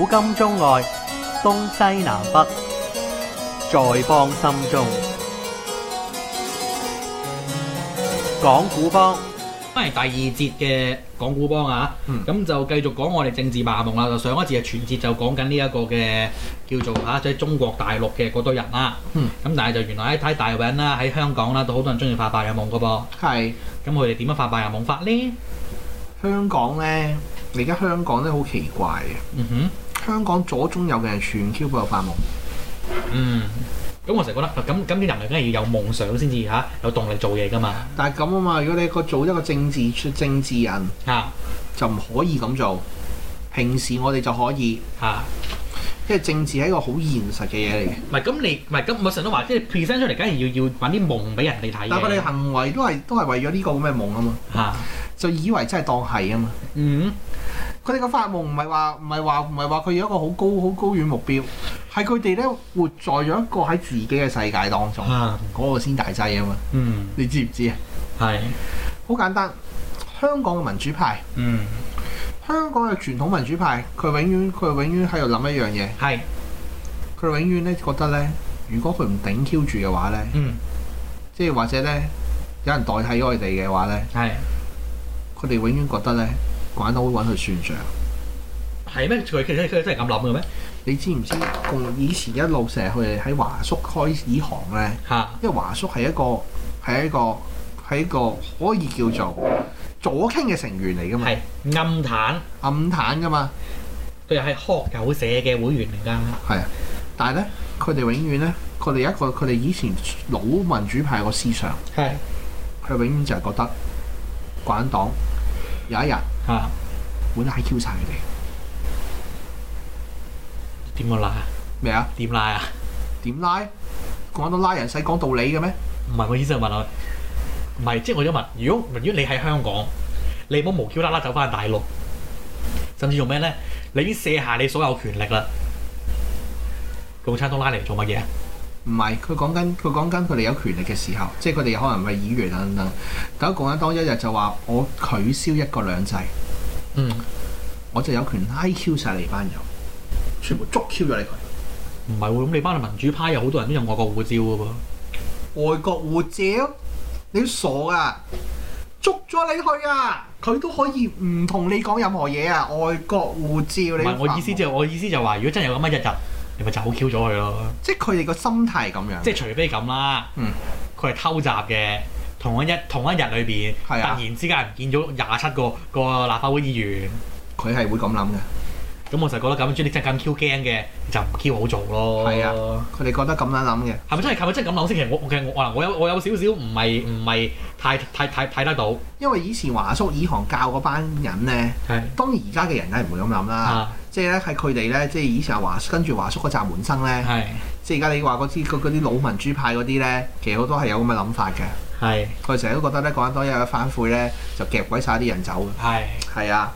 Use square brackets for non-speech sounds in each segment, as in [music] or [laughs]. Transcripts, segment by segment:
古今中外，東西南北，在邦心中。講故邦，咁係第二節嘅講故邦啊。咁、嗯、就繼續講我哋政治白日夢啦。就上一節嘅全節就講緊呢一個嘅叫做嚇、啊，即係中國大陸嘅嗰堆人啦、啊。咁、嗯、但係就原來喺睇大陸人啦、啊，喺香港啦、啊、都好多人中意發白日夢噶噃、啊。係咁是，佢哋點樣發白日夢法呢？香港呢，你而家香港呢，好奇怪啊！嗯哼。香港左中右嘅人全 Q 部有發夢。嗯，咁我成日覺得，咁咁啲人咧，梗係要有夢想先至吓，有動力做嘢噶嘛。但係咁啊嘛，如果你個做一個政治出政治人啊，就唔可以咁做。平時我哋就可以吓，即係、啊、政治係一個好現實嘅嘢嚟嘅。唔係咁你唔係咁，我成日都話，即係 present 出嚟，梗係要要搵啲夢俾人哋睇。但係我哋行為都係都係為咗呢個咁嘅夢啊嘛。嚇、啊，就以為真係當係啊嘛。嗯。我哋個發夢唔係話唔係話唔係話佢有一個好高好高遠目標，係佢哋咧活在咗一個喺自己嘅世界當中，嗰、啊、個先大劑啊嘛。嗯，你知唔知啊？係好是簡單，香港嘅民主派，嗯，香港嘅傳統民主派，佢永遠佢永遠喺度諗一樣嘢，係佢是永遠咧覺得咧，如果佢唔頂 Q 住嘅話咧，嗯，即係或者咧有人代替咗佢哋嘅話咧，係佢哋永遠覺得咧。玩到會揾佢算賬係咩？佢其實佢真係咁諗嘅咩？你知唔知？從以前一路成日佢哋喺華叔開以行呢行咧嚇，因為華叔係一個係一個係一,一個可以叫做左傾嘅成員嚟㗎嘛係，係暗淡暗淡㗎嘛。佢又係學友社嘅會員嚟㗎，係啊。但係咧，佢哋永遠咧，佢哋一個佢哋以前老民主派個思想係佢是永遠就係覺得，共黨有一日。啊！滿 IQ 晒佢哋點樣拉咩啊？點拉啊？點拉？講到拉人，使講道理嘅咩？唔係我意思係問啊，唔係即係我想問，如果如果你喺香港，你唔好無啦啦走翻大陸，甚至做咩咧？你已經卸下你所有權力啦，共產黨拉你嚟做乜嘢？唔係佢講緊，佢講緊佢哋有權力嘅時候，即係佢哋可能係議員等等等等。但係一講得當一日就話我取消一國兩制，嗯，我就有權拉 Q 晒你班人，全部捉 Q 咗你去。唔係喎，咁你班民主派有好多人都用外國護照嘅噃，外國護照你傻噶？捉咗你去啊！佢都可以唔同你講任何嘢啊！外國護照你唔係我，是我意思就係、我意思就話、是，如果真係有咁樣一日。你咪就好 Q 咗佢咯，即係佢哋個心態咁樣,樣，即係除非咁啦，佢係偷襲嘅，同一日，同一日裏邊，是啊、突然之間唔見咗廿七個個立法會議員，佢係會咁諗嘅。咁我就覺得咁，專力咁 Q 驚嘅就唔 Q 好做咯。係啊，佢哋覺得咁樣諗嘅，係咪真係係咪真係咁諗先？其實我我啊，我有我有少少唔係唔係太太太睇得到，因為以前華叔以航教嗰班人咧，是啊、當然而家嘅人梗係唔會咁諗啦。啊即係咧，係佢哋咧，即係以前華跟住華叔嗰集門生咧，是的 即係而家你話嗰啲嗰啲老民主派嗰啲咧，其實好多係有咁嘅諗法嘅。佢成日都覺得咧，講多日嘅反悔咧，就夾鬼晒啲人走。係啊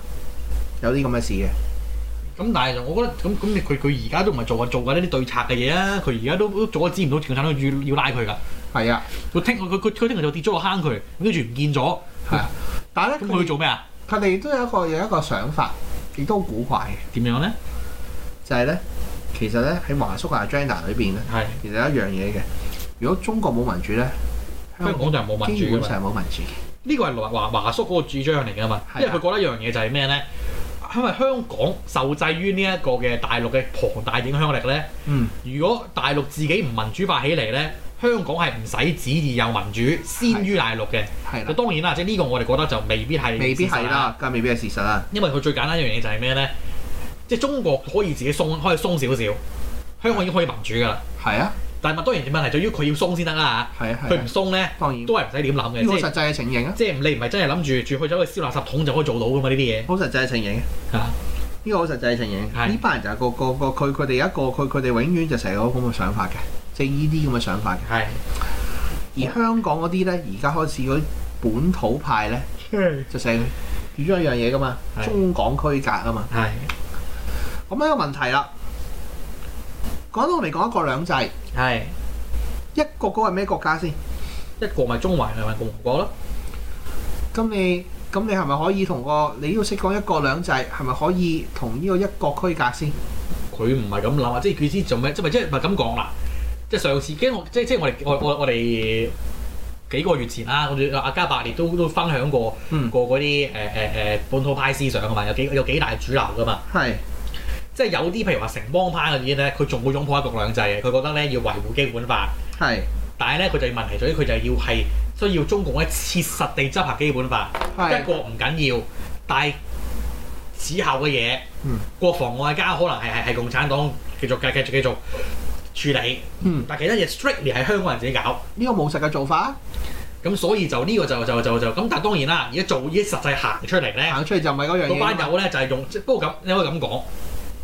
是的，有啲咁嘅事嘅。咁但係我覺得咁咁，佢佢而家都唔係做啊做呢啲對策嘅嘢啊，佢而家都阻止唔到，財政局要要拉佢㗎。係啊是的，佢聽佢佢佢聽日就跌咗個坑佢，跟住唔見咗。係啊是的 呢，但係咧，咁佢做咩啊？佢哋都有一個有一個想法。幾多古怪嘅？點樣咧？就係咧，其實咧，喺華叔嘅 agenda 裏邊咧，的其實有一樣嘢嘅。如果中國冇民主咧，香港就冇民主的。基本上冇民主。呢個係華華叔嗰個主張嚟嘅嘛，的因為佢覺得一樣嘢就係咩咧？因為香港受制於呢一個嘅大陸嘅龐大影響力咧。嗯。如果大陸自己唔民主化起嚟咧？香港係唔使旨意有民主，先於大陸嘅。係啦，當然啦，即係呢個我哋覺得就未必係。未必係啦，梗係未必係事實啦。因為佢最簡單一樣嘢就係咩咧？即係中國可以自己鬆，可以鬆少少，香港已經可以民主噶啦。係啊的，但係當然點嘅問題就係佢要鬆先得啦。佢唔鬆咧，當然都係唔使點諗嘅。好實際嘅情形啊！即係你唔係真係諗住住去走去燒垃圾桶就可以做到噶嘛？呢啲嘢好實際嘅情形啊！呢個好實際嘅情形，呢班人就係個個個佢佢哋一個佢佢哋永遠就成日有咁嘅想法嘅。即係依啲咁嘅想法嘅，是而香港嗰啲咧，而家開始嗰啲本土派咧，就成主張一樣嘢噶嘛，是中港區隔啊嘛。係是，咁一個問題啦，講到我嚟講一國兩制係是一國嗰個係咩國家先？一國咪中華人咪共和國咯。咁你咁你係咪可以同個？你要識講一國兩制係咪可以同呢個一國區隔先？佢唔係咁諗啊，即係佢先做咩？即係咪即係咪咁講啦？即係上次，因即係即係我哋我我我哋幾個月前啦，我哋阿加伯列都都分享過個嗰啲誒誒誒本土派思想啊嘛，有幾有幾大主流㗎嘛。係是即係有啲譬如話城邦派嘅嘢咧，佢仲會擁抱一國兩制嘅，佢覺得咧要維護基本法。係是，但係咧佢就問題在於佢就要係需要，要中共喺切實地執行基本法。係一個唔緊要，但係此後嘅嘢，嗯、國防外交可能係係係共產黨繼續繼繼續繼續。繼續繼續繼續處理，嗯，但係其他嘢 strictly 係香港人自己搞呢個務實嘅做法。咁所以就呢個就就就就咁，但係當然啦，而家做依啲實際行出嚟咧，行出嚟就唔係嗰樣。嗰班友咧就係、是、用，不過咁你可以咁講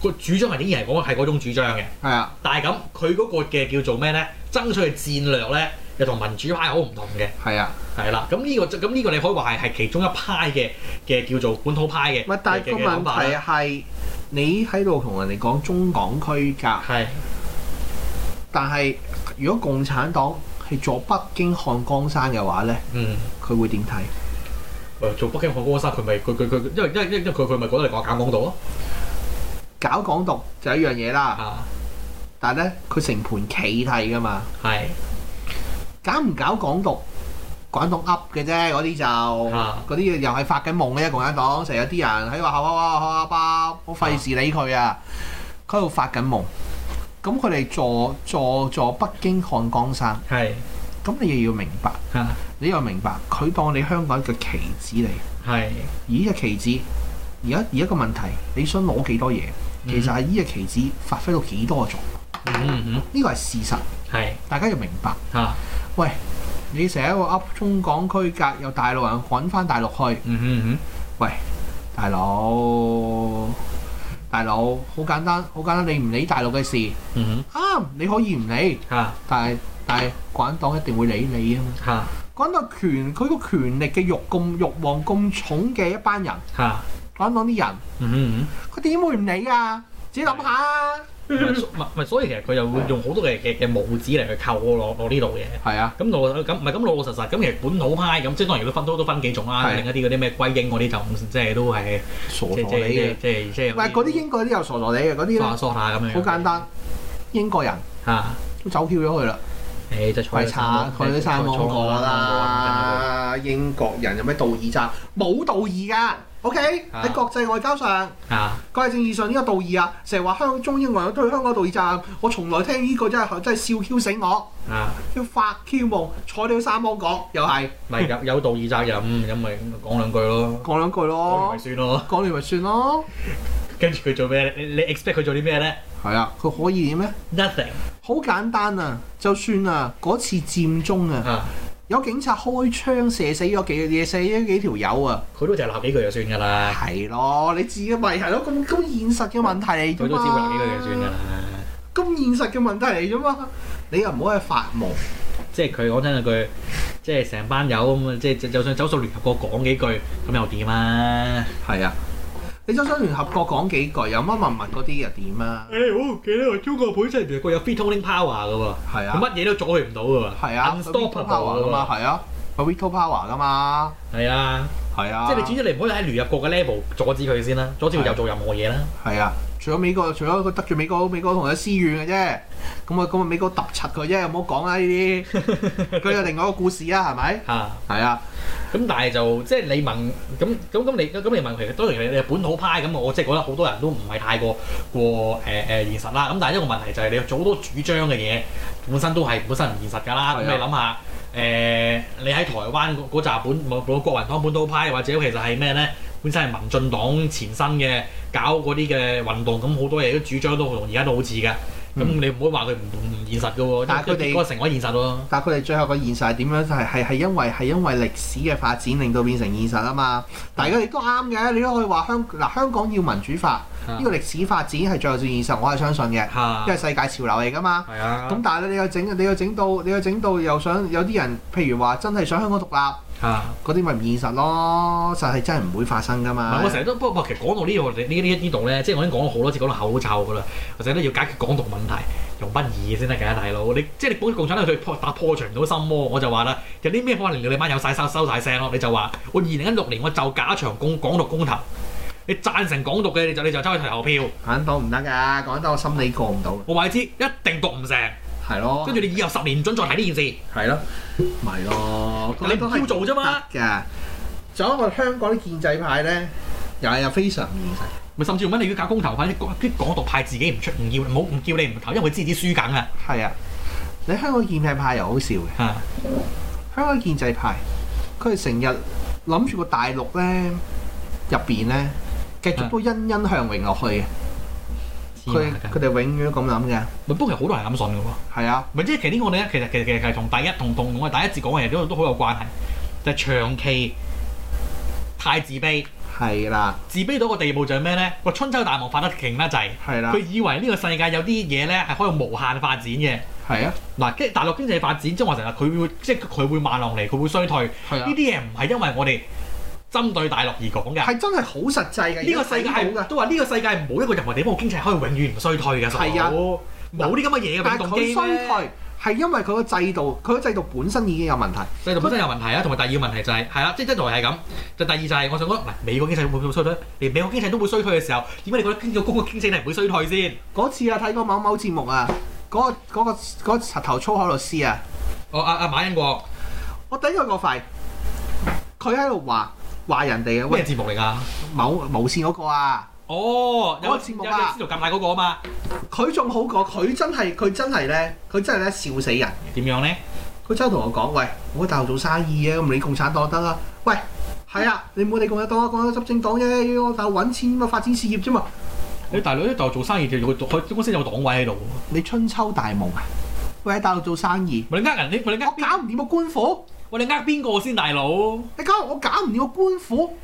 個主張係點樣嚟講？係嗰種主張嘅係啊，但係咁佢嗰個嘅叫做咩咧？爭取嘅戰略咧，又同民主派好唔同嘅係啊，係啦。咁呢、這個咁呢個你可以話係係其中一派嘅嘅叫做本土派嘅。唔但係個問題係你喺度同人哋講中港區隔係。但係，如果共產黨係坐北京看江山嘅話咧，嗯，佢會點睇？喂，坐北京看江山，佢咪佢佢佢，因為因為因為佢佢咪講得嚟搞港獨咯？搞港獨就一樣嘢啦。嚇、啊！但係咧，佢成盤棋睇㗎嘛。係是。搞唔搞港獨？港獨噏嘅啫，嗰啲就，嗰啲又係發緊夢咧。共產黨成日有啲人喺度喊啊，喊啊包，我費事理佢啊！佢喺度發緊夢。咁佢哋坐坐坐北京看江山，係是。咁你又要明白，啊、你又要明白佢當你香港一是個棋子嚟。係。而呢個棋子，而家而一個問題，你想攞幾多嘢？嗯、其實啊，呢個棋子發揮到幾多個作用？嗯嗯嗯、呢個係事實。係是。大家要明白。啊、喂，你成日一個噏中港區隔，有大陸人滾返大陸去。嗯嗯嗯。喂，大佬。大佬，好簡單，好簡單，你唔理大陸嘅事，mm hmm. 啊，你可以唔理，Ha. 但係但係港人黨一定會理你啊嘛。講到 Ha. 權，佢個權力嘅慾，咁慾望咁重嘅一班人，Ha. 港人黨啲人，佢點、mm hmm. 會唔理啊？自己諗下、啊。咪咪，所以其實佢就會用好多嘅嘅嘅帽子嚟去扣落落呢度嘅。係啊，咁老咁唔係咁老老實實，咁其實本土派咁，即係當然都分都都分幾種啦，另一啲嗰啲咩歸英嗰啲就即係都係傻傻哋嘅，即係即係唔嗰啲英國啲又傻傻哋嘅嗰啲咧？梳下梳下咁樣。好簡單，英國人嚇都走票咗去啦。誒就錯曬，錯曬啲曬芒果啦！英國人有咩道義咋？冇道義噶。O.K. 喺、啊、國際外交上，啊、國際政治上呢個道義啊，成日話香港中英為咗推香港道義責任，我從來聽呢個真係真係笑 Q 死我啊！要發 Q 夢，坐啲山峯講又係咪有有道義責任，咁咪講兩句咯，講兩句咯，講完咪算咯，講完咪算咯。算咯 [laughs] 跟住佢做咩？你你 expect 佢做啲咩咧？係啊，佢可以咩？Nothing。好簡單啊，就算啊，嗰次佔中啊。有警察開槍射死咗幾個，射死咗幾條友啊！佢都就係鬧幾句就算噶啦。係咯，你至於咪係咯，咁咁現實嘅問題嚟，佢都知會鬧幾句就算噶啦。咁現實嘅問題嚟啫嘛，你又唔好去發夢。即係佢講真句，即係成班友咁啊！即係就就算走數聯合國講幾句咁又點啊？係啊。你想新聯合國講幾句有乜問問嗰啲又點啊？誒、欸，我記得中國本身原來國有 vetoing power 噶喎，係是啊，啊，乜嘢都阻佢唔到㗎喎，係啊，veto power 噶嘛，係啊，有 veto power 噶嘛，係啊，係啊，是啊，即係你始終你唔可以喺聯合國嘅 level 阻止佢先啦，阻止佢又做任何嘢啦，係啊。除咗美國，除咗佢得罪美國，美國同佢私怨嘅啫，咁啊咁啊美國揼柒佢啫，唔好講啦呢啲，佢 [laughs] 有另外一個故事啊，係咪？啊，係啊，咁、嗯、但係就即係你問，咁咁咁你咁你問其實當然你係本土派，咁我即係覺得好多人都唔係太過過誒誒現實啦。咁但係一個問題就係、是、你做好多主張嘅嘢，本身都係本身唔現實㗎啦。咁、啊嗯、你諗下，誒、呃、你喺台灣嗰集本冇國民黨本土派，或者其實係咩咧？本身係民進黨前身嘅，搞嗰啲嘅運動，咁好多嘢都主張都同而家都好似嘅。咁、嗯、你唔會話佢唔唔現實噶喎，但係佢哋成為現實咯。但係佢哋最後嘅現實係點樣？係係係因為係因，因為歷史嘅發展令到變成現實啊嘛。但大家亦都啱嘅，你都可以話香嗱香港要民主化，呢、啊、個歷史發展係最後最現實，我係相信嘅，啊、因為世界潮流嚟㗎嘛。咁、啊、但係你又整你又整到你又整到又想有啲人，譬如話真係想香港獨立。啊！嗰啲咪唔現實咯，就係真係唔會發生噶嘛。我成日都不過，其實講到、呢度呢度呢度、這呢度呢呢呢度咧，即係我已經講咗好多次講到口臭噶啦。我成日都要解決港獨問題，用乜嘢先得㗎，大佬？你即係你講共產黨佢破打破除唔到心魔，我就話啦，這些有啲咩可能令到你班友晒收晒曬聲咯？你就話我二零一六年我就假長共港獨公投，你贊成港獨嘅你就你就走去投票。港獨唔得噶，港獨我心理過唔到。我話你知，一定讀唔成。係咯，跟住你以後十年唔准再提呢件事。係咯，咪咯，你唔要做啫嘛。得嘅，仲有一個香港啲建制派咧，又係又非常唔現實。咪甚至用問你要搞公投，反而啲港獨派自己唔出唔要，唔好唔叫你唔投，因為佢知自，自己輸梗啊。係啊，你香港建制派又好笑嘅，的香港建制派佢係成日諗住個大陸咧入邊咧，繼續都欣欣向榮落去嘅。佢哋永遠都咁諗嘅，不過其實好多人都咁信嘅喎。係啊，咪即係其實我哋咧，其實、啊、其實、這個、其實係同第一同同同第一節講嘅嘢都都好有關係，就係、是、長期太自卑。係啦、啊，自卑到個地步就係咩咧？個春秋大夢發得勁得滯，係、就、啦、是。佢、啊、以為呢個世界有啲嘢咧係可以無限發展嘅。係啊，嗱、啊，即係大陸經濟發展，即係話成日佢會即係佢會慢落嚟，佢會衰退。呢啲嘢唔係因為我哋。針對大陸而講嘅係真係好實際嘅，呢個世界，都話呢個世界冇一個任何地方經濟可以永遠唔衰退嘅。係啊，冇啲咁嘅嘢嘅。衰退係因為佢個制度，佢個制度本身已經有問題。制度本身有問題啊，同埋第二個問題就係係啦，即係一來係咁。就第二就係我想講嗱，美國經濟會唔會衰退？連美國經濟都會衰退嘅時候，點解你覺得英國經濟係唔會衰退先？嗰次啊，睇過某某節目啊，嗰個嗰個頭粗口律師啊，阿阿馬恩國，我頂佢個肺，佢喺度話。話人哋嘅咩節目嚟㗎？某、啊、無，無線嗰個啊！哦，有個節目啊，有啲師大嗰個啊嘛。佢仲好過，佢真係佢真係咧，佢真係咧笑死人。點樣咧？佢真係同我講：喂，我喺大陸做生意啊，咁你共產黨得啦。喂，係啊，你唔好理共產黨啊共產黨，講我執政黨啫。大陸揾錢，咁啊發展事業啫嘛。你大陸喺大陸做生意，就要佢公司有黨委喺度。你春秋大夢啊？喂，喺大陸做生意，你呃人，你人我搞唔掂個官府。喂，你呃邊個先，大佬？你搞我,我搞唔掂個官府，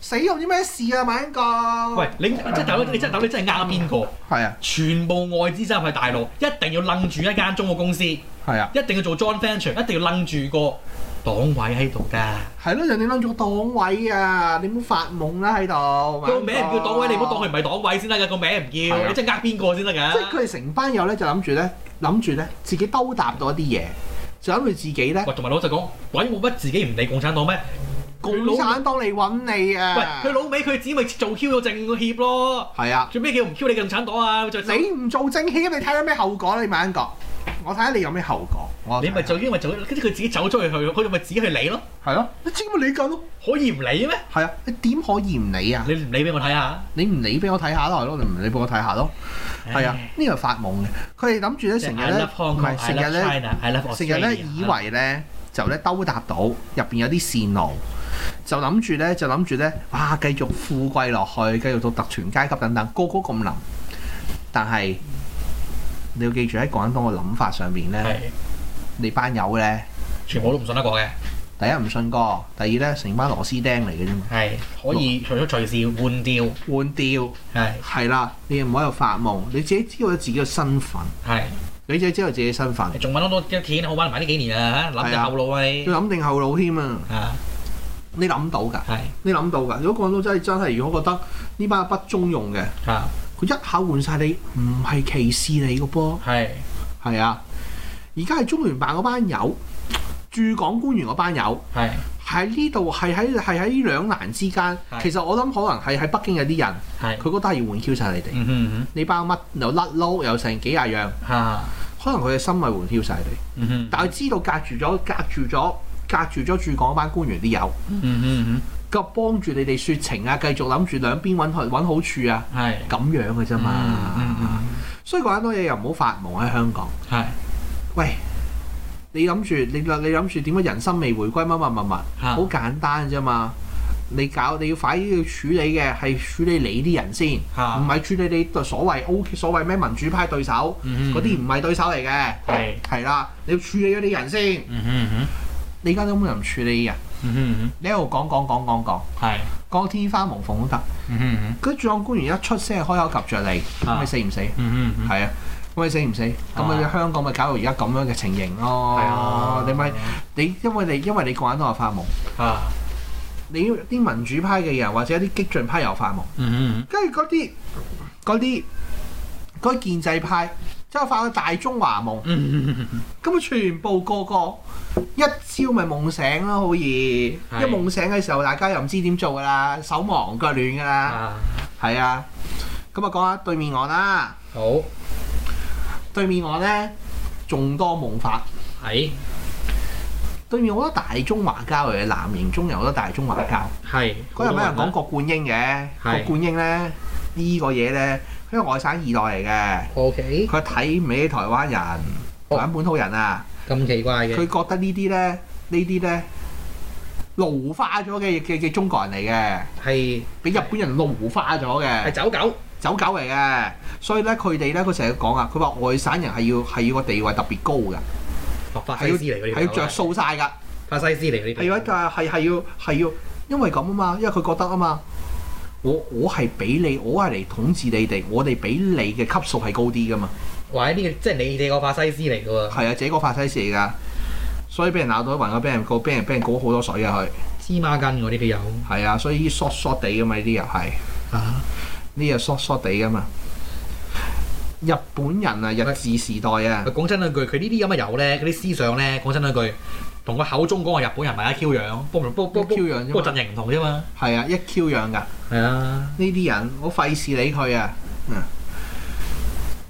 死有啲咩事啊？一個。喂，你即係大佬，嗯、你真係大佬，嗯、你真係呃邊個？係啊。全部外資入去大陸，一定要楞住一間中國公司。係啊。一定要做 Joint Venture 一定要楞住個黨委喺度㗎。係咯、啊，人哋楞住個黨委啊！你唔好發夢啦喺度。個名唔叫,叫黨委，你唔好當佢唔係黨委先得㗎。個名唔叫，啊、你真係呃邊個先得㗎？即係佢哋成班友咧，就諗住咧，諗住咧，自己兜搭到一啲嘢。就等佢自己咧。喂，同埋老實講，鬼冇乜自己唔理共產黨咩？共產黨嚟搵你啊！喂，佢老尾佢只咪做 Q 咗政協咯？係啊，做咩叫唔 Q 你共產黨啊？你唔做政協，你睇下咩後果？啊、你慢慢講。我睇下你有咩後果，你咪就因為走，跟住佢自己走出去去佢佢咪自己去理咯，係咯，你知咁咪理緊咯，可以唔理咩？係啊，你點可以唔理啊？你唔理俾我睇下，你唔理俾我睇下都係咯，你唔理俾我睇下咯，係啊，呢個發夢嘅，佢哋諗住咧，成日咧，成日咧，成日咧以為咧就咧兜搭到入邊有啲線路，就諗住咧就諗住咧，哇，繼續富貴落去，繼續到特權階級等等，高高咁諗，但係。你要記住喺個人嗰個諗法上邊咧，你班友咧，全部都唔信得過嘅。第一唔信過，第二咧，成班螺絲釘嚟嘅啫嘛。係可以，除咗隨時換掉。換掉，係係啦，你唔好喺度發夢，你自己知道自己嘅身份。係，你自己知道自己嘅身份。仲揾得多啲錢，好玩埋呢幾年啊！諗定後路，係。要諗定後路添啊！你諗到㗎？係你諗到㗎？如果講到真係真係，如果覺得呢班不中用嘅啊。佢一下換晒你，唔係歧視你個噃。係係是啊，而家係中聯辦嗰班友，駐港官員嗰班友，係喺呢度，係喺係喺兩難之間。是其實我諗可能係喺北京有啲人，係佢是覺得係要換 Q 晒你哋。嗯哼嗯哼，你包乜？又甩佬，又成幾廿樣。哈哈，可能佢嘅心係換 Q 晒你。嗯哼嗯哼，但係知道隔住咗，隔住咗，隔住咗駐港嗰班官員啲友。嗯哼嗯哼咁幫住你哋說情啊，繼續諗住兩邊揾好揾好處啊，係咁是樣嘅啫嘛。嗯嗯嗯、所以講多嘢又唔好發夢喺香港。是喂，你諗住你你諗住點樣人心未回歸乜乜乜乜，好是簡單嘅啫嘛。你搞你要快要處理嘅係處理你啲人先，唔係是處理你所謂 OK 所謂咩民主派對手，嗰啲唔係對手嚟嘅。係係啦，你要處理咗啲人先。嗯嗯嗯、你而家都冇人處理呀、啊？嗯嗯你喺度講講講講講，係講天花無縫都得。嗯哼，跟住我官員一出聲，開口及著你，咁你死唔死？嗯哼，係啊，咁你死唔死？咁你香港咪搞到而家咁樣嘅情形咯？係啊，你咪你，因為你因為你個人都係發夢啊，你啲民主派嘅人或者一啲激進派又發夢，嗯哼，跟住嗰啲嗰啲嗰啲建制派。即係發個大中華夢，咁啊 [laughs] 全部個個一朝咪夢醒啦，好易是一夢醒嘅時候，大家又唔知點做噶啦，手忙腳亂噶啦，係啊，咁啊講下對面岸啦，好對面岸呢，眾多夢法喺是對面好多大中華膠嚟嘅，藍營中又有好多大中華膠，係嗰日咪有人講郭冠英嘅，郭是冠英呢，呢、呢個嘢呢。因為外省二代嚟嘅，佢睇唔起台灣人、反、oh, 本土人啊！咁奇怪嘅，佢覺得這些呢啲咧，呢啲咧，奴化咗嘅嘅嘅中國人嚟嘅，係俾是日本人奴化咗嘅，係走狗，走狗嚟嘅。所以咧，佢哋咧，佢成日講啊，佢話外省人係要係要個地位特別高㗎、哦，法西斯嚟嗰啲，係要，要著數曬㗎，法西斯嚟嗰啲，係啊，係要係要，因為咁啊嘛，因為佢覺得啊嘛。我我係俾你，我係嚟統治你哋，我哋俾你嘅級數係高啲噶嘛？話呢、呢個即係你哋個法西斯嚟噶喎。係啊，自己個法西斯嚟噶，所以俾人鬧到雲過，俾人告，俾人俾人搞好多水啊！佢芝麻根嗰啲都有。係啊，所以疏疏地噶嘛，呢啲又係啊，呢又疏疏地噶嘛。日本人啊，日治時代啊，講真嗰句，佢呢啲咁嘅有咧，嗰啲思想咧，講真嗰句。同個口中講個日本人咪一 Q 樣，不過不過不 Q 樣，不過陣營唔同啫嘛。係啊，一 Q 樣噶。係啊。呢啲人我費事理佢啊。嗯。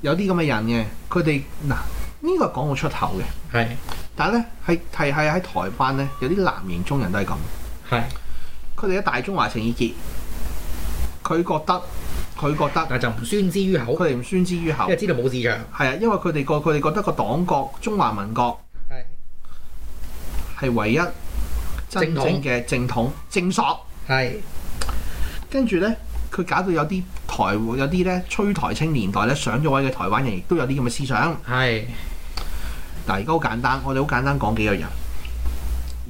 有啲咁嘅人嘅，佢哋嗱呢個講好出口嘅。係是的。但係咧係係係喺台灣咧，有啲南營中人都係咁。係。佢哋喺大中華情意結，佢覺得佢覺得。覺得就唔宣之於口。佢哋唔宣之於口。因為知道冇市場。係啊，因為佢哋個佢哋覺得個黨國中華民國。係唯一真正嘅正統正朔，係，跟住呢，佢搞到有啲台有啲呢吹台青年代呢上咗位嘅台灣人，亦都有啲咁嘅思想。係。是的 但係而家好簡單，我哋好簡單講幾個人。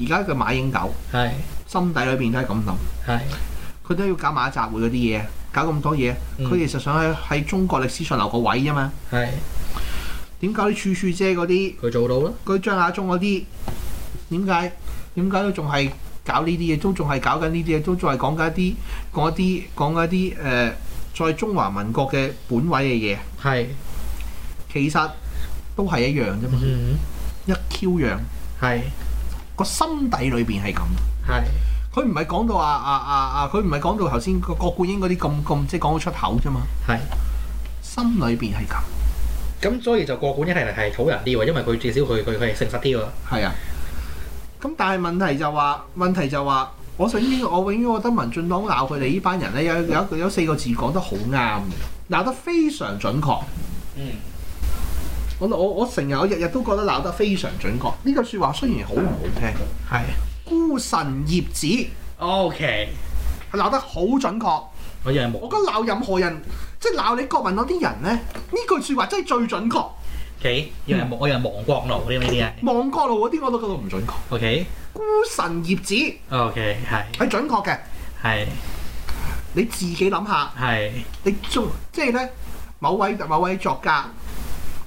而家佢馬英九係是的 心底裏邊都係咁諗，係，佢是的 都要搞馬習會嗰啲嘢，搞咁多嘢，佢其實想喺喺中國歷史上留個位啊嘛，係。點解啲柱柱姐嗰啲佢做到啦？佢張亞中嗰啲。點解，點解都仲係搞呢啲嘢，都仲係搞緊呢啲嘢，都仲係講緊一啲嗰一啲講緊一啲誒、呃，在中華民國嘅本位嘅嘢。係是，其實都係一樣啫嘛。Mm hmm. 一 Q 樣係個，是心底裏邊係咁。係是，佢唔係講到啊啊啊啊，佢唔係講到頭先個郭冠英嗰啲咁咁，即係講到出口啫嘛。係是，心裏邊係咁。咁所以就郭冠英係係好人啲，因為佢至少佢佢佢係誠實啲喎。係啊。咁但係問題就話，問題就話，我永遠我永遠覺得民進黨鬧佢哋呢班人咧，有有有四個字講得好啱嘅，鬧得非常準確。嗯，我我我成日我日日都覺得鬧得非常準確。呢句説話雖然好唔好聽，係、嗯、孤臣孽子。OK，係鬧得好準確。我認為，我覺得鬧任何人，即係鬧你國民黨啲人咧，呢句説話真係最準確。O.K. 我又係亡國奴嗰啲呢啲啊？亡國奴嗰啲我都覺得唔準確。O.K. 孤臣孽子。O.K. 係。係準確嘅。係。你自己諗下。係是的。你中即係咧，某位某位作家，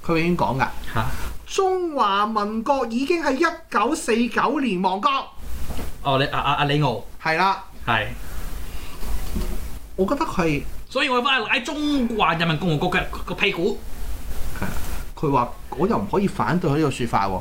佢已經講噶嚇。哈中華民國已經係一九四九年亡國。哦，你，阿阿阿李敖的，係啦。係。我覺得係。所以我翻嚟解中華人民共和國嘅個屁股。佢話：我又唔可以反對佢呢個説法喎。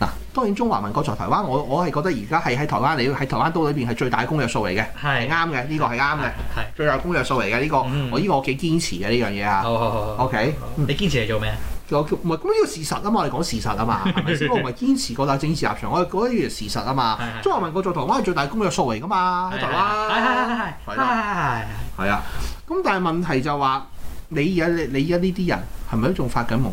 嗱，當然中華民國在台灣，我我係覺得而家係喺台灣，你要喺台灣都裏邊係最大嘅公約數嚟嘅，係啱嘅，呢、呢個係啱嘅，係最大公約數嚟嘅呢個，嗯、我呢個我幾堅持嘅呢樣嘢啊。這個、好好好，OK，好好你堅持係做咩？做唔係咁呢個事實啊嘛，我哋講事實啊嘛，係咪先？ [laughs] 我唔係堅持個大政治立場，我係講呢啲事實啊嘛。是中華民國在台灣係最大公約數嚟噶嘛，喺是台灣係係係係係係係啊。咁但係問題就話、是，你而家你你而家呢啲人係咪都仲發緊夢？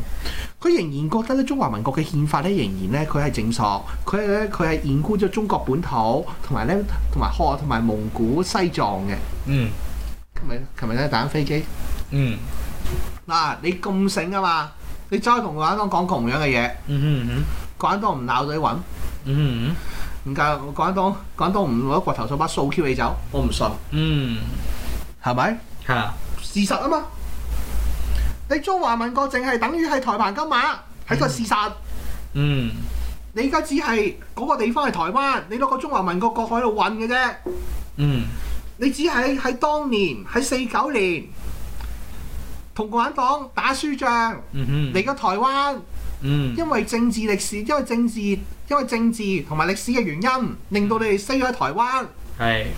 佢仍然覺得咧，中華民國嘅憲法咧，仍然咧，佢係正朔，佢係咧，佢咗中國本土，同埋咧，同埋同埋蒙古、西藏嘅。嗯。今日琴日咧打緊飛機。嗯。嗱，你咁醒啊嘛？你再同個阿東講同樣嘅嘢。嗯哼哼。個阿東唔鬧你揾。嗯唔夠，個阿東個阿東唔攞鑊頭掃把掃 Q 你走，我唔信嗯。嗯。係咪？係。事實啊嘛。你中華民國淨係等於係台澎金馬，係、嗯、個事實。嗯，你而家只係嗰個地方係台灣，你攞個中華民國國海度運嘅啫。嗯，你只係喺當年喺四九年同國民黨打輸仗，嚟咗、嗯嗯、台灣。嗯，因為政治歷史，因為政治，因為政治同埋歷史嘅原因，令到你哋死喺台灣。係是，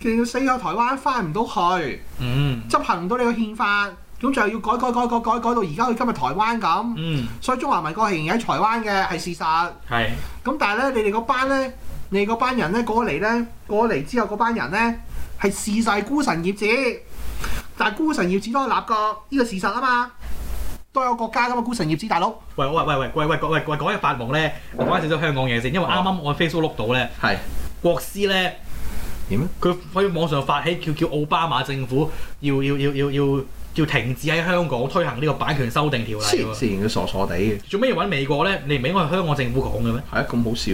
其實死喺台灣翻唔到去。嗯，執行唔到你個憲法。咁就要改改改改改改，改，改到而家去今日台灣咁，嗯、所以中華民國仍然喺台灣嘅係事實是。係咁，但係咧，你哋嗰班咧，你哋嗰班人咧過嚟咧，過嚟之後嗰班人咧係視曬孤臣孽子，但係孤臣孽子都有立國呢個事實啊嘛，都有國家噶嘛孤臣孽子大佬。喂，喂喂喂喂喂喂講一發夢咧，我講一陣先香港嘢先，因為啱啱我 Facebook 碌到咧，係是國師咧點啊？佢可以網上發起叫叫奧巴馬政府要要要要要。要要要要停止喺香港推行呢個版權修訂條例，自然要傻傻地嘅。做咩要揾美國咧？你唔應該係香港政府講嘅咩？係啊，咁好笑，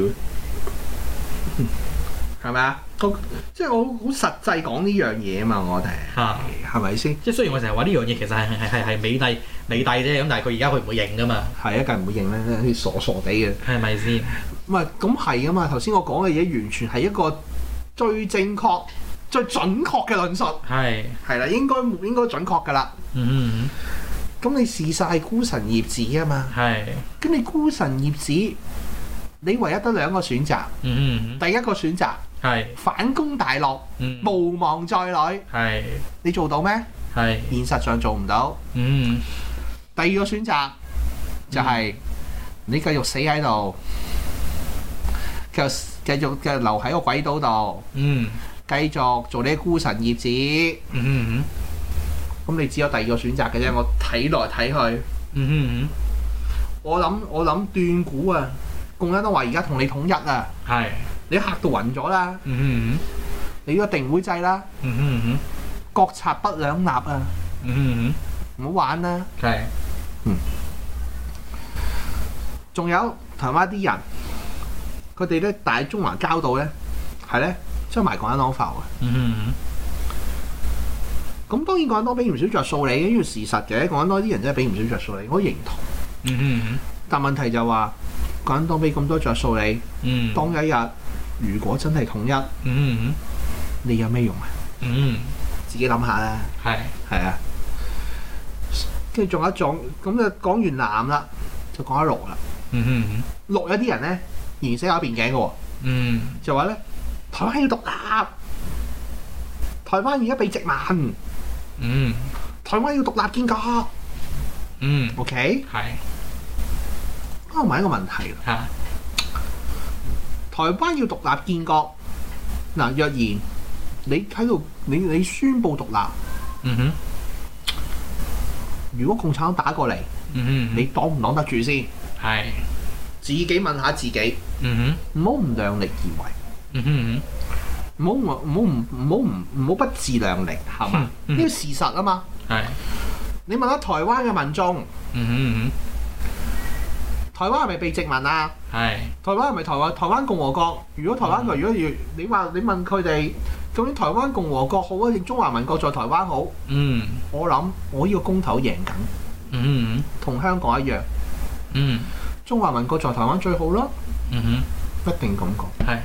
係咪啊？吧好即係我好實際講呢樣嘢啊嘛，我哋嚇係咪先？啊、吧即係雖然我成日話呢樣嘢其實係係係係美帝美帝啫，咁但係佢而家佢唔會認噶嘛。係啊，佢唔會認咧，啲傻傻地嘅係咪先？咁係啊嘛。頭先我講嘅嘢完全係一個最正確。最準確嘅論述係係啦，應該冇應該準確噶啦。嗯，咁你事實係孤臣孽子啊嘛。係，咁你孤臣孽子，你唯一得兩個選擇。嗯，第一個選擇係反攻大陸，無望再來。係，你做到咩？係，現實上做唔到。嗯，第二個選擇就係你繼續死喺度，繼續繼續繼續留喺個鬼島度。嗯。繼續做呢啲孤臣孽子，咁你只有第二個選擇嘅啫。我睇來睇去，我諗我諗斷估啊！共產黨話而家同你統一啊，你嚇到暈咗啦！你一定會制啦，國策不兩立啊，唔好玩啦。係，嗯，仲有台灣啲人，佢哋咧大中華交道咧，係咧。即係埋共產黨 f o 嗯嗯哼，咁當然共產黨俾唔少着數你，因為事實嘅共產黨啲人真係俾唔少着數你，我認同。嗯嗯嗯。但問題就話共產黨俾咁多着數你，嗯、當一日如果真係統一，嗯嗯、你有咩用啊？嗯，自己諗下啦。係是啊。跟住仲有一種咁就講完藍啦，就講咗綠啦，嗯。嗯嗯嗯。綠有啲人咧，延伸下邊頸嘅喎。嗯。就話咧。台灣要獨立，台灣而家被殖民。嗯，台灣要獨立建國。嗯，OK，係是。啊，問一個問題啦。嚇！台灣要獨立建國嗱，啊，若然你喺度，你你宣佈獨立，嗯哼，如果共產黨打過嚟，嗯哼，你擋唔擋得住先？係是。自己問下自己。嗯哼。唔好唔量力而為。嗯哼，唔好唔好唔唔好唔唔好不自量力，係嘛，呢個事實啊嘛。係，你問下台灣嘅民眾，嗯哼，台灣係咪被殖民啊？係台灣係咪台灣台灣共和國？如果台灣，如果你話你問佢哋，究竟台灣共和國好啊，定中華民國在台灣好？嗯，我諗我呢個公投贏緊，嗯哼，同香港一樣，嗯，中華民國在台灣最好囉，嗯哼，一定咁講係。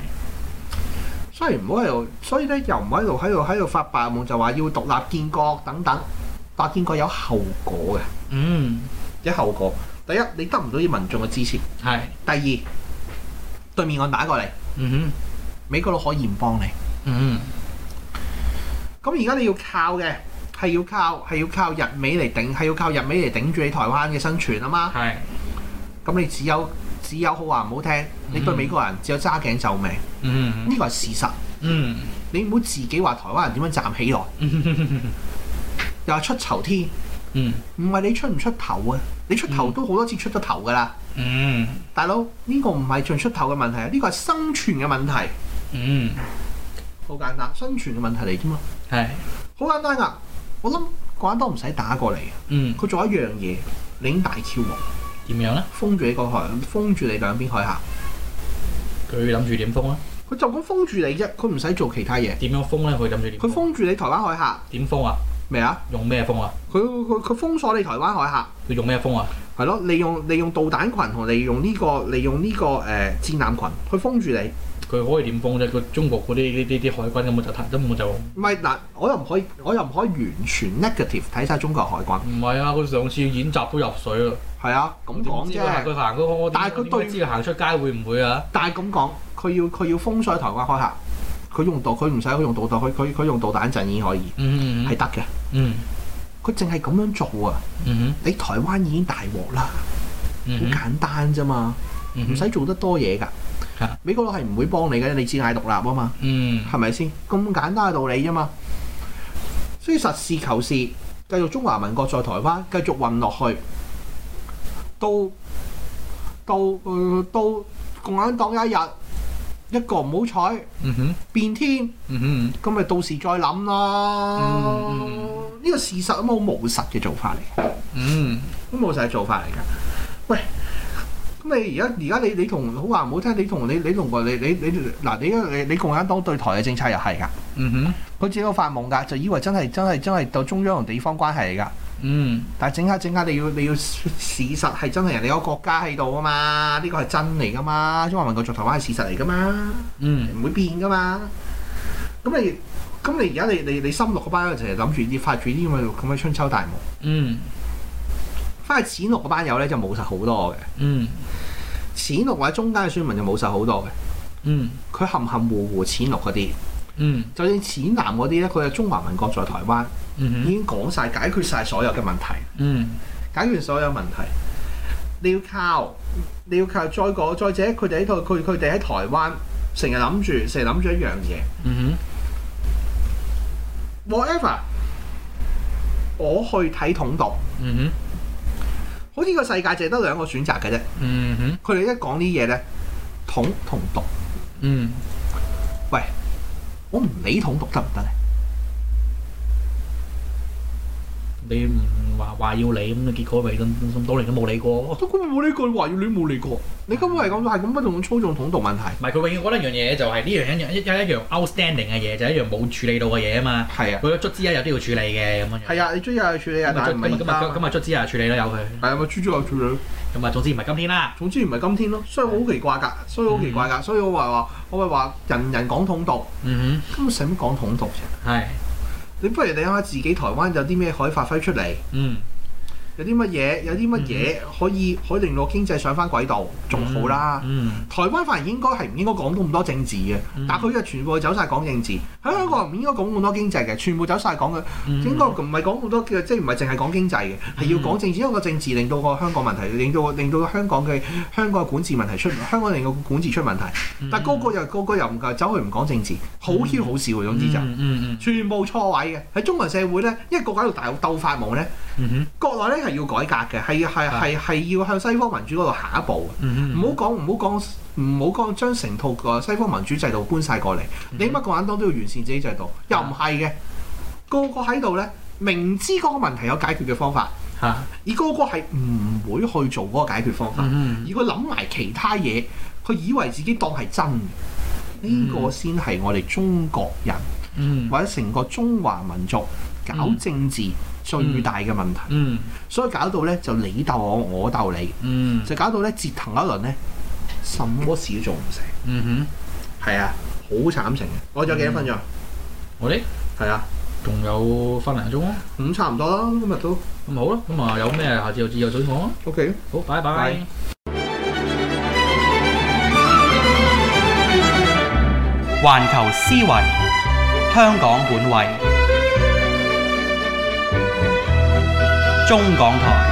雖然唔好喺度，所以咧又唔好喺度喺度喺度發白夢，就話要獨立建國等等。獨立建國有後果嘅，嗯，有後果。第一，你得唔到啲民眾嘅支持，係是。第二，對面我打過嚟，嗯哼，美國佬可以唔幫你，嗯。哼。咁而家你要靠嘅係要靠係要靠日美嚟頂，係要靠日美嚟頂住你台灣嘅生存啊嘛。係是。咁你只有。只有好話唔好聽，你對美國人只有揸頸就命，呢個係事實。嗯、你唔好自己話台灣人點樣站起來，嗯、又話出、嗯、出、出頭天。唔係你出唔出頭啊？你出頭都好多次出咗頭噶啦。嗯、大佬，呢、呢個唔係仲出頭嘅問題啊，呢個係生存嘅問題。好、呢個嗯、簡單，生存嘅問題嚟啫嘛。係的，好簡單啊，我諗個人都唔使打過嚟啊。佢、嗯、做一樣嘢，你已經大超王。點樣咧？封住你個海，封住你兩邊海峽。佢諗住點封咧？佢就咁封住你啫，佢唔使做其他嘢。點樣封咧？佢諗住點？佢封住你台灣海峽。點封啊？咩啊麼？用咩封啊？佢佢佢封鎖你台灣海峽。佢用咩封啊？係咯，利用利用導彈群同利用呢、呢個利用呢、呢個誒、呃、戰艦群去封住你。佢可以點封啫？佢中國嗰啲呢啲啲海軍有冇就睇。咁我就唔係嗱，我又唔可以，我又唔可以完全 negative 睇晒中國的海軍。唔係啊，佢上次演習都入水咯。係啊，咁講啫。但係佢行嗰但係佢都知行出街會唔會啊？但係咁講，佢要佢要封鎖台灣海客，佢用導佢唔使用導彈，佢佢佢用導彈陣已經可以，係得嘅。嗯，佢淨係咁樣做啊！Mm hmm. 你台灣已經大鍋大鑊啦，好、mm hmm. 簡單啫嘛，唔使、mm hmm. 做得多嘢㗎。美國佬係唔會幫你嘅，你只嗌獨立啊嘛，係咪先？咁簡單嘅道理啫嘛。所以實事求是，繼續中華民國在台灣，繼續混落去，到到、呃、到共產黨一日一個唔好彩，變天，咁咪、嗯嗯嗯、到時再諗咯。呢、嗯嗯、個事實咁好務實嘅做法嚟，嗯，都冇實嘅做法嚟噶。喂。咁你而家而家你你同好話唔好聽，你同你你同佢你你你嗱，你你，你，你，你共產黨對台嘅政策又係噶，嗯哼、mm，佢自己都發夢㗎，就以為真係真係真係到中央同地方關係嚟㗎。嗯、mm，hmm. 但係整下整下你，你要你要事實係真係人哋有國家喺度啊嘛，呢、這個係真嚟㗎嘛，中華民國做台灣係事實嚟㗎嘛，嗯、mm，唔、hmm. 會變㗎嘛。咁你咁你而家你你你深六嗰班人成日諗住要發住呢咁嘅咁嘅春秋大夢，嗯、mm，翻去淺六嗰班友咧就冇實好多嘅，嗯、mm。Hmm. 淺綠或者中間嘅選民就冇晒好多嘅，嗯，佢含含糊糊淺綠嗰啲，嗯，就算淺藍嗰啲咧，佢係中華民國在台灣，嗯哼，已經講晒，解決晒所有嘅問題，嗯，解決所有問題，你要靠你要靠再講再者，佢哋喺度，佢佢哋喺台灣成日諗住成日諗住一樣嘢，嗯哼，whatever，我去睇統獨，嗯哼。好似呢個世界淨係得兩個選擇嘅啫，嗯哼，佢哋一講啲嘢咧，統同獨，同毒，嗯，喂，我唔理統獨得唔得咧。你唔話話要理咁，結果咪咁咁多年都冇理過。根本冇呢句話要理冇理過。你根本係咁，係咁樣同操縱統獨問題。唔係佢永遠覺得一樣嘢就係呢樣一樣一一樣 outstanding 嘅嘢，就係、是、一樣冇處理到嘅嘢啊嘛。係啊，佢卒之啊，有啲要處理嘅咁樣。係啊，你卒之啊處理啊，捉唔到咁啊咁啊卒之啊處理啦，有佢。係啊，咪卒之又處理。咁啊，之理嗯、總之唔係今天啦。總之唔係今天咯，所以好奇怪㗎，所以好奇怪㗎，嗯、所以我咪話，我咪話人人講統獨。嗯哼。今日使乜講統獨啫。係。你不如你諗下自己台灣有啲咩可以發揮出嚟？有啲乜嘢？有啲乜嘢可以可以令到經濟上返軌道仲好啦。台灣反而應該係唔應該講到咁多政治嘅，但係佢又全部走晒講政治。香港人唔應該講咁多經濟嘅，全部走晒講嘅，應該唔係講咁多嘅，即係唔係淨係講經濟嘅，係要講政治，因為個政治令到個香港問題，令到令到香港嘅香港嘅管治問題出，香港令個管治出問題。但個個、嗯、但個個又、個個又唔夠，走去唔講政治，好囂好笑的。喎、就是。總之就，全部錯位嘅喺中文社會咧，因為個個喺度大陸鬥法冇咧，嗯哼，國內咧係要改革嘅，係係係係要向西方民主嗰度下一步，唔好講唔好講。唔好講將成套個西方民主制度搬晒過嚟，你乜個黨當都要完善自己制度，又唔係嘅。個個喺度呢，明知個個問題有解決嘅方法，而個個係唔會去做嗰個解決方法，而佢諗埋其他嘢，佢以為自己當係真嘅。呢個先係我哋中國人或者成個中華民族搞政治最大嘅問題。所以搞到呢，就你鬥我，我鬥你，就搞到呢，折騰一輪呢。什麼事都做唔成。嗯哼，係啊，好慘情嘅、啊啊嗯。我仲有幾多分鐘？我呢？係啊，仲有返零鐘啊。咁、嗯、差唔多啦，今日都咁好啦。咁啊，有咩下次又自由追我啊？O Okay K，好，拜拜。環 Bye 球思維，香港本位，中港台。